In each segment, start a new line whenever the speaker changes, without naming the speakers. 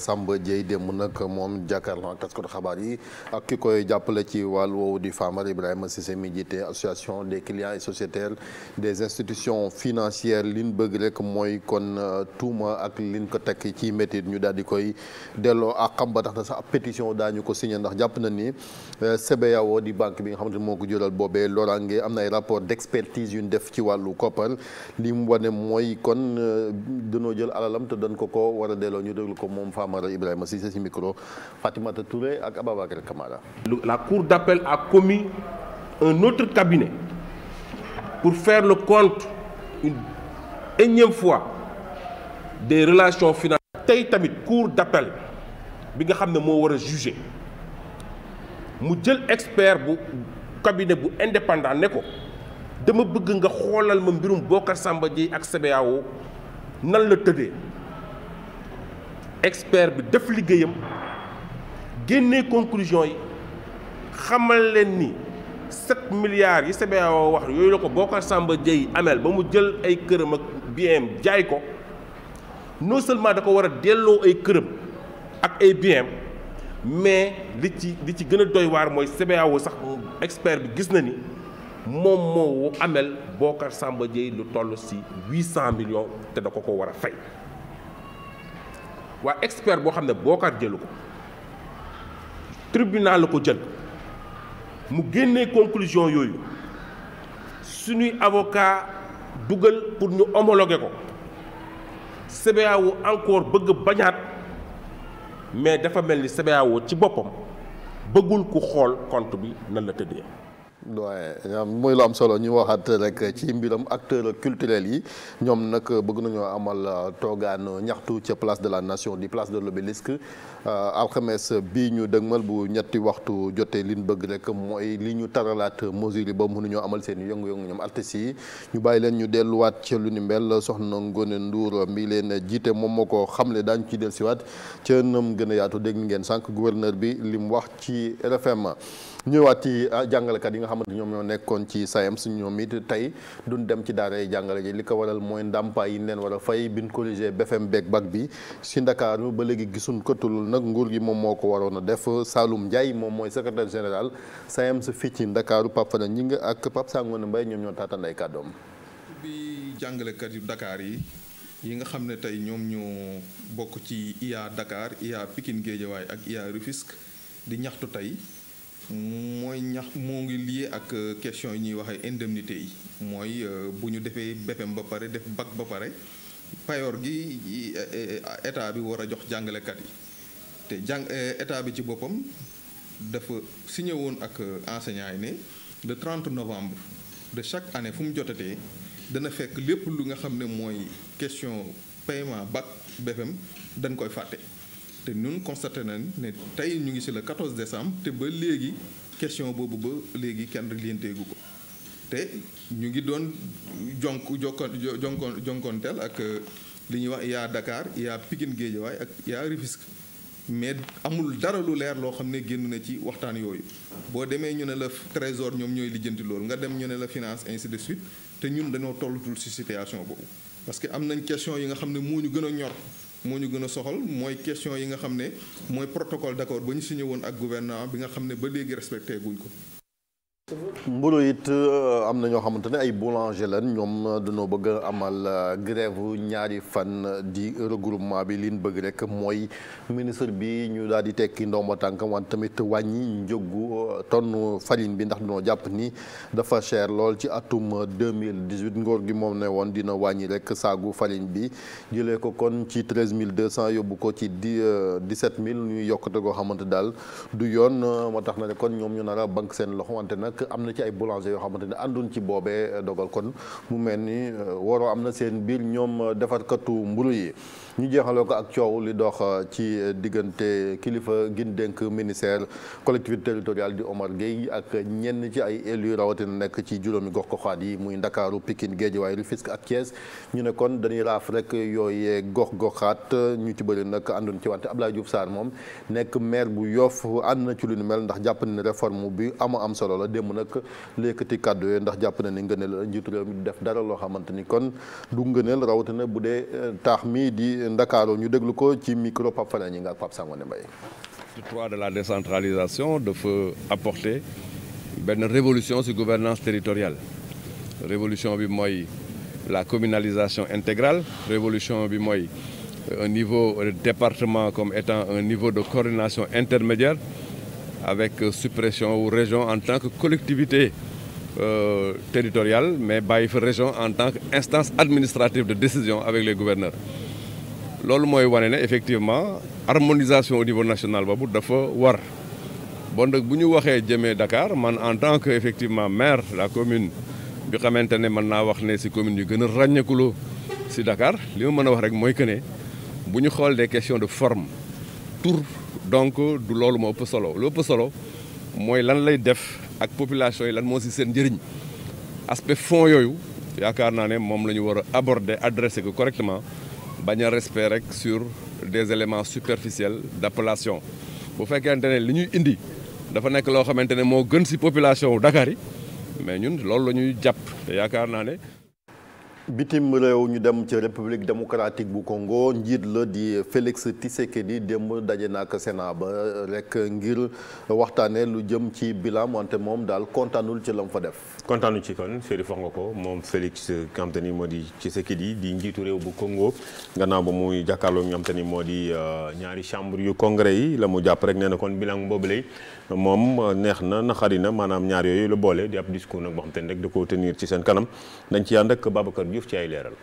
Samba Dieye démb nag moom jàkkaarloo ak taskatu xabaar yi ak ki koy jàppale ci wàll woowu di Famara Ibrahima see mi jiite association des clients et sociétaires des institutions financières liñ bëgg rek mooy kon euh, tuuma ak liñ ko tekk ci métit ñu daal di koy delloo ak xam ba tax na sax ab pétition daañu ko signé ndax jàpp na ni euh, CBAO di banque bi nga xamante ni moo ko jural boobee loraange am na ay rapport d'expertise yuñ def ci wàllu koppar li mu wane mooy kon euh, danoo jël alalam te dañ ko ko war a ñu déglu ko moom Camara Ibrahima Cissé ci micro Fatimata Touré ak Ababacar Camara. la cour
d'appel a commis un autre cabinet pour faire le compte une énième fois des relation financières. tey tamit cour d'appel bi nga xam ne moo war a juger mu jël expert bu cabinet bu indépendant ne ko dama bëgg nga xoolal ma mbirum Bocar Samba Dièye ak CBAO nan la tëddee. expert bi def liggéeyam génne conclusion yi xamal leen ni set milliards yi CBAO wax yooyu la ko Bocar Samba Dièye amel ba mu jël ay këram ak biens jaay ko non seulement da ko war a delloo ay këram ak ay biens mais li ci li ci gën a doy waar mooy CBAO sax expert bi gis na ni moom moo amel Bocar sàmba Dièye lu toll si huit cent millions te da ko ko war a fay. waa expert boo xam ne Bocar jëlu ko tribunal la ko jël mu génnee conclusion yooyu suñuy avocat dugal pour ñu homologué ko CBAO encore bëgg bañaat mais dafa mel ni CBAO ci boppam bëggul ku xool compte
bi nan la tëddee. doyen muy lu am solo ñu waxaat rek ci mbiram acteurs culturels yi ñoom nag bëgg nañoo amal euh, toogaan ñaxtu ca place de la nation di place de l'obélisque euh, alxames bii ñu mal bu ñetti waxtu jotee liñ bëgg rek mooy li ñu taralaat mesures yi ba ñoo amal seen yëngu-yëngu ñoom artistes yi ñu bàyyi leen ñu delluwaat ca lu ni mel soxna Ngone Ndour mi leen jiite moom moo ko xamle daañu ci dellusiwaat ca nam gën a yaatu dégg ngeen sànq gouverneur bi li mu wax ci RFM xamante ñoom ñoo nekkoon ci SAEMS ñoom it tey du duñ dem ci daara jàngale ji li ko waral mooy ndàmpaay yi neen leen a fay bin corrigé BFM beeg bag bi si Ndakaaru ba léegi gisuñ ko tulul nag nguur gi moom moo ko waroon a def Saloum Ndiaye moom mooy secrétaire général SAEMS fii ci Ndakaaru Pape Fana ñi nga ak Pape Sangone Mbaye ñoom ñoo taata ay kàddoom
bi jàngalekat yu Dakar yi yi nga xam ne tey ñoom ñoo bokk ci IA ndakaar IA Pikine Guédiawaye ak IA Rufisque di ñaxtu tey mooy ñax moo ngi lié ak euh, question yi ñuy waxee indemnité yi mooy euh, bu ñu defee BFEM ba pare def bac ba pare payoor gi e, e, état bi war a jox jàngalekat yi te jàng e, état bi ci boppam dafa signé woon ak euh, enseignants yi ne le trente novembre de chaque année fu mu jotatee dana fekk lépp lu nga xam ne mooy question paiement bac BFEM dañ koy fàtte. te ñun constaté nañ ne tey ñu ngi si la 14 décembre te ba léegi question boobu ba léegi kenn lienteegu ko te ñu ngi doon jonk jokkoon jonkoon jonkoonteel ak euh, li ñuy wax yaa Dakar yaa Pikine Guédiawaye ak yaa Rufisque mais amul dara lu leer loo xam ne génn na ci waxtaan yooyu boo demee ñu ne la trésor ñoom ñooy lijjanti loolu nga dem ñu ne la finance ainsi de suite te ñun dañoo tollutul ci situation boobu parce que am nañ question yi nga xam ne moo ñu gën a ñor moo ñu gën a soxal mooy question yi nga xam ne mooy protocole d'accord ba ñu signé woon ak gouvernement bi nga xam ne ba léegi respecté guñ ko
mburu it euh, am na ñoo xamante ne ay boulanger lan ñoom euh, dañoo bëgg amal euh, grève ñaari fan di regroupement bi liin bëgg rek mooy ministre bi ñu daal di tekki ndomba tànk wante tamit wàññi njëgu ton farine bi ndax dañoo jàpp ni dafa cher lool ci atum 2018 ngóor gi moom ne woon dina wàññi rek saagu farine bi jëlee ko kon ci 13200 yóbbu ko ci di 17000 ñuy yokkute goo xamante daal du yoon moo tax na kon ñoom ñu nar a banque seen loxo wante nag am na ci ay boulanger yoo xamante ne ànduñ ci boobee eh, dogal kon mu mel ni eh, waroo am na seen biir ñoom eh, defarkatu mbulu yi ñu jeexaloo ko ak coow li dox euh, ci diggante kilifa gin dénk ministère collectivité territoriale di Omar Gueye ak ñenn ci ay élus rawatina nekk ci juróomi gox goxaat yi muy Ndakaaru Pikine Guédiawaye Rufisque ak Thiès ñu ne kon dañuy raaf rek yooyee gox goxaat ñu ci bëri nag àndoon ci wante Abdoulaye Diouf Sarr moom nekk maire bu Yoff ànd na ci lu nu mel ndax jàpp na ne réforme bi ama am solo la démb nag lékkati kàddu yooyu ndax jàpp na ni ngëneel njiitu réew mi def dara loo xamante ni kon ndakaaroo ñu déglu ko ci micro Pape Fana ñi nga ak Pape Sangone Mbaye
le de la décentralisation dafa apporter benn révolution ci gouvernance territoriale révolution bi mooy la communalisation intégrale révolution bi mooy euh, un niveau de euh, département comme étant un niveau de coordination intermédiaire avec euh, suppression ou région en tant que collectivité euh, territoriale mais bàyyi fa région en tant qu'instance administrative de décision avec les gouverneu loolu mooy wane ne effectivement harmonisation au niveau national boobu dafa war bon nag bu ñu waxee jëmee dakaar man en tant que effectivement maire la commune bi xamante ne mën naa wax ne si commune yu gën a ràññeekuloo si dakaar li ma mën a wax rek mooy que ne bu ñu xool des questions de forme tour donc du loolu moo ëpp solo lu ëpp solo mooy lan lay def ak population yi lan moo si seen njëriñ aspect fonds yooyu yaakaar naa ne moom la ñu war a aborder adressé ko correctement bañ a respect rek sur des éléments superficiels d'appellation bu fekkente ne li ñuy indi dafa nekk loo xamante ne moo gën si population wu Dakar yi mais ñun loolu la ñuy jàpp te yaakaar naa ne
bitim réew ñu dem ci république démocratique bu Congo njiit la di Félix Tshisekedi démb daje na ak Sénat ba rek ngir waxtaanee lu jëm ci bilaam wante moom daal kontaanul ci la mu fa def.
kontaanu ci kon Serigne wax nga ko moom Félix nga xam te ni moo di Tshisekedi di njiitu réew bu Congo gannaaw ba muy jàkkaarloo nga xam te ni moo di euh, ñaari chambre yu congrès yi la mu jàpp rek nee na kon bilan mboob lay moom euh, neex na naxari na maanaam ñaar yooyu la boole di ab discours nag boo xam te ni ci seen kanam Diouf ci ay leeral.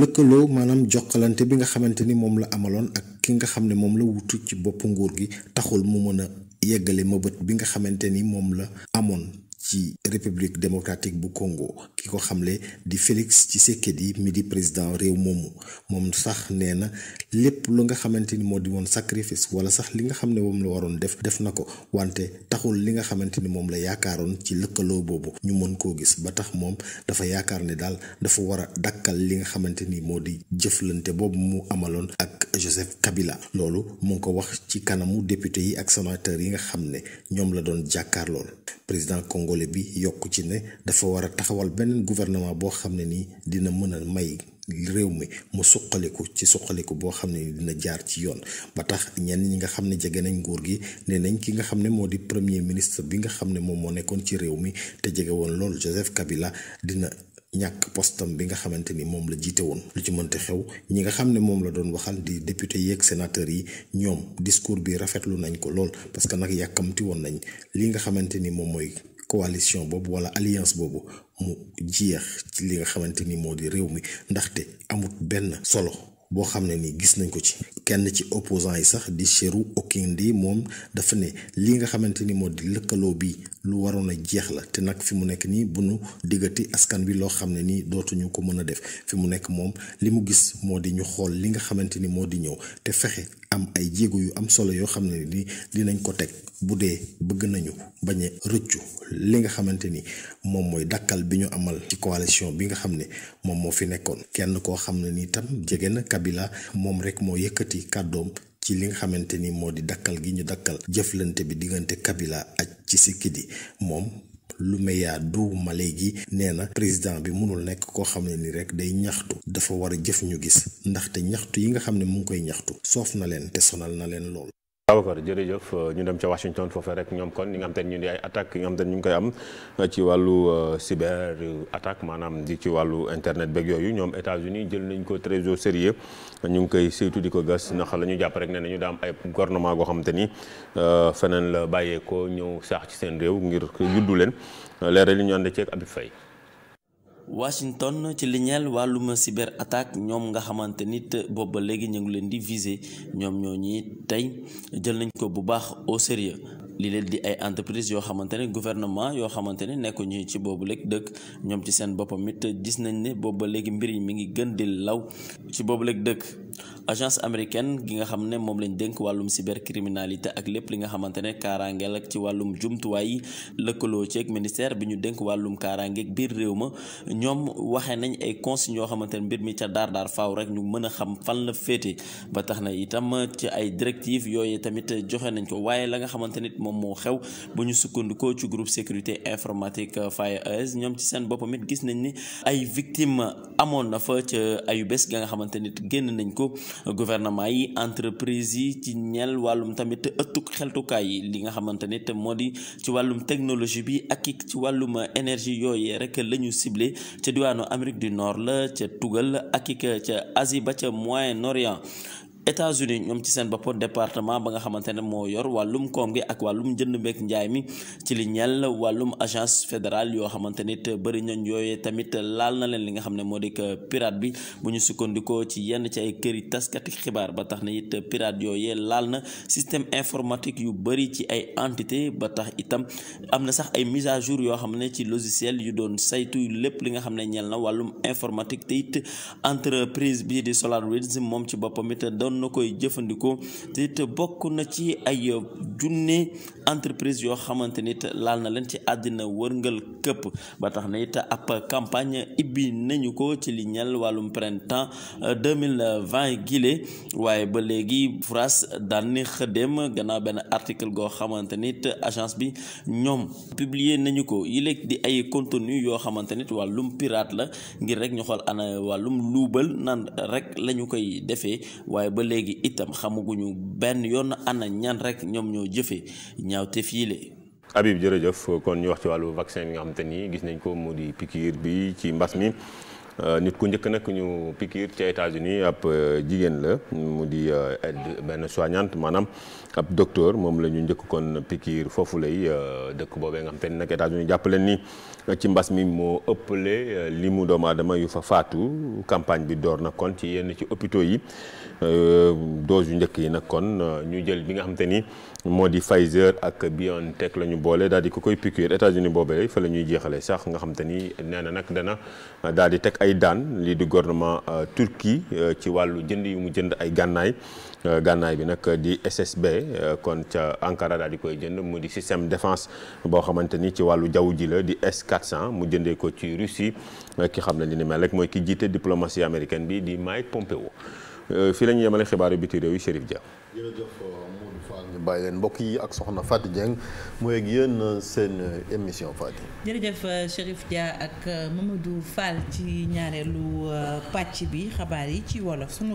lëkkaloo maanaam jokkalante bi nga xamante ni moom la amaloon ak ki nga xam ne moom la wutu ci boppu nguur gi taxul mu mën a yeggale mëbët bi nga xamante ni moom la amoon ci république démocratique bu Congo ki ko xamle di Félix Tshisekedi mi di président réew moomu moom sax nee na lépp lu nga xamante ni moo di woon sacrifice wala sax li nga xam ne moom la waroon def def na ko wante taxul li nga xamante ni moom la yaakaaroon ci lëkkaloo boobu ñu mën koo gis ba tax moom dafa yaakaar ne daal dafa war a dakkal li nga xamante ni moo di jëflante boobu mu amaloon ak Joseph Kabila loolu mu ngi ko wax ci kanamu député yi ak sénateur yi nga xam ne ñoom la doon jàkkaarlool président Congo congolais bi yokk ci ne dafa war a taxawal beneen gouvernement boo xam ne nii dina mën a may réew mi mu suqaliku ci suqaliku boo xam ne dina jaar ci yoon ba tax ñenn ñi nga xam ne jege nañ nguur gi nee nañ ki nga xam ne moo di premier ministre bi nga xam ne moom moo nekkoon ci réew mi te jege woon lool Joseph Kabila dina ñàkk postam bi nga xamante ni moom la jiite woon lu ci mënti xew ñi nga xam ne moom la doon waxal di député yeeg sénateur yi ñoom discours bi rafetlu nañ ko lool parce que nag yàkkamti woon nañ lii nga xamante ni moom mooy coalition boobu wala alliance boobu mu jeex ci li nga xamante ni moo di réew mi ndaxte amut benn solo boo xam ne ni gis nañ ko ci kenn ci opposant yi sax di Cheru Okindi moom dafa ne li nga xamante ni moo di lëkkaloo bi lu waroon a jeex la te nag fi mu nekk nii bu nu diggati askan wi loo xam ne nii dootuñu ko mën a def fi mu nekk moom li mu gis moo di ñu xool li nga xamante ni moo di ñëw te fexe am ay jéego yu am solo yoo xam ne li dinañ ko teg bu dee bëgg nañu bañ a rëccu li nga xamante ni moom mooy dakkal bi ñu amal ci coalition bi nga xam ne moom moo fi nekkoon kenn koo xam ne ni tam jege na Kabila moom rek moo yëkkati kàddoom ci li nga xamante ni moo di dakkal gi ñu dakkal jëflante bi diggante Kabila ak ci sikki di moom Loumeya Douma léegi nee na président bi mënul nekk koo xam ne nii rek day ñaxtu dafa war a jëf ñu gis ndaxte ñaxtu yi nga xam ne mu ngi koy ñaxtu soof na leen te sonal na leen lool.
Babacar jërëjëf euh, ñu dem ca Washington foofee rek ñoom kon ni nga xam ñu ngi ay attaques yi nga xam te ne ñu ngi koy am euh, ci wàllu euh, cyber attaque maanaam di ci wàllu internet beeg yooyu ñoom États-Unis jël nañ ko très au sérieux ñu ngi koy saytu di ko gas ndax la ñu jàpp rek ne nañu daam ay gouvernement goo xam te ni feneen la bàyyeekoo ñëw saax ci seen réew ngir juddu leen leeral li ñu ànd ceeg Abib Faye
Washington ci li ñeel wàllum cyber attaque ñoom nga xamante nit booba léegi ñu ngi leen di viser ñoom ñoo ñi tey jël nañ ko bu baax au li leen di ay entreprise yoo xamante ne gouvernement yoo xamante ne nekkuñu ci boobu léegi dëkk ñoom ci seen boppam it gis nañ ne booba léegi mbir yi mi ngi gën di law ci boobu léegi dëkk agence américaine gi nga xam ne moom lañ dénk wàllum cybercriminalité ak lépp li nga xamante ne kaaraangeel ak ci wàllum jumtuwaay lëkkaloo ci ak ministère bi ñu dénk wàllum kaaraangeek biir réew ma ñoom waxee nañ ay consignes yoo xamante ne mbir mi ca daar daar faw rek ñu mën a xam fan la féete ba tax na itam ci ay directives yooyu tamit joxe nañ ko waaye la nga xamante nit moom moo xew bu ñu sukkandikoo ci groupe sécurité informatique FIRES ñoom ci seen boppam gis nañ ni ay victimes amoon na fa ca ayu bés ga nga xamante nit génn nañ ko gouvernement yi entreprise yi ci ñel wàllum tamit ëttuk xeltukaay yi li nga xamante ni te moo di ci wàllum technologie bi ak ci wàllum énergie yooyu rek la ñu ciblé ca diwaanu Amérique du Nord la ca Tugal ak ca asi ba ca Moyen-Orient États-Unis ñoom ci seen bopp département ba nga xamante ne moo yor wàllum koom gi ak wàllum jënd mbéeg njaay mi ci li ñeel wàllum agence fédérale yoo xamante nit bari nañ yooyee tamit laal na leen li nga xam ne moo di pirate bi bu ñu sukkandikoo ci yenn ci ay këri taskati xibaar ba tax na it pirate yooyee laal na système informatique yu bëri ci ay entité ba tax itam am na sax ay mise à jour yoo xam ne ci logiciel yu doon saytu lépp li nga xam ne ñeel na wàllum informatique te it entreprise di SolarWinds mën na koy jëfandikoo te it bokk na ci ay junne entreprise yoo xamante ni laal na leen ci àddina wërngal këpp ba tax na it ab campagne ibbi nañu ko ci li ñel wàllum printemps 2020 euh, gile waaye ba léegi France daan ni gannaaw benn article goo xamante nit agence bi ñoom publier nañu ko yileeg di ay contenu yoo xamante nit wàllum pirate la ngir rek ñu xool ana wàllum luubal naan rek lañu koy defee waaye ba léegi itam xamaguñu benn yoon ana ñan rek ñoom ñoo jëfee ñaawteef yi le Habib
jërëjëf kon ñu wax ci wàllu vaccin bi nga xam te ni gis nañ ko mu di piqûre bi ci mbas mi. Euh, nit ku njëkk nag ñu pikiir ca États-Unis ab euh, jigéen la mu di euh, aide benn soignante maanaam ab docteur moom la ñu njëkk kon piqûre foofu lay dëkk boobee nga xam ni nag États-Unis jàppaleen ni ci mbas mi moo ëppale li mu doomu aadama yu fa faatu campagne bi door na kon ci yenn ci hôpitaux yi dose yu njëkk yi nag kon ñu jël bi nga xam te ni moo di Pfizer ak BioNTech la ñu boole daal di ko koy piqûre États-Unis boobee fa la ñuy jeexalee sax nga xam te ni nee na nag dana daal di teg ay daan lii di gouvernement euh, Turquie euh, ci wàllu jënd yu mu jënd ay gànnaay euh, gànnaay bi nag di SSB kon ca Ankara daal di koy jënd mu di système défense boo xamante ni ci wàllu jaww ji la di S-400 mu jëndee ko ci Russie ki xam ne li ni mel rek mooy ki jiite diplomatie américaine bi di Mike Pompeo fii la ñu yemale xibaaru biti réew yi Chérif
ñu bàyyi leen mbokk yi ak soxna Fatou Dieng mooy ak yéen seen émission Fatou.
jërëjëf euh, Chérif Dia ak euh, Mamadou Fall ci ñaareelu euh, pàcc bi xabaar yi ci wolof sunu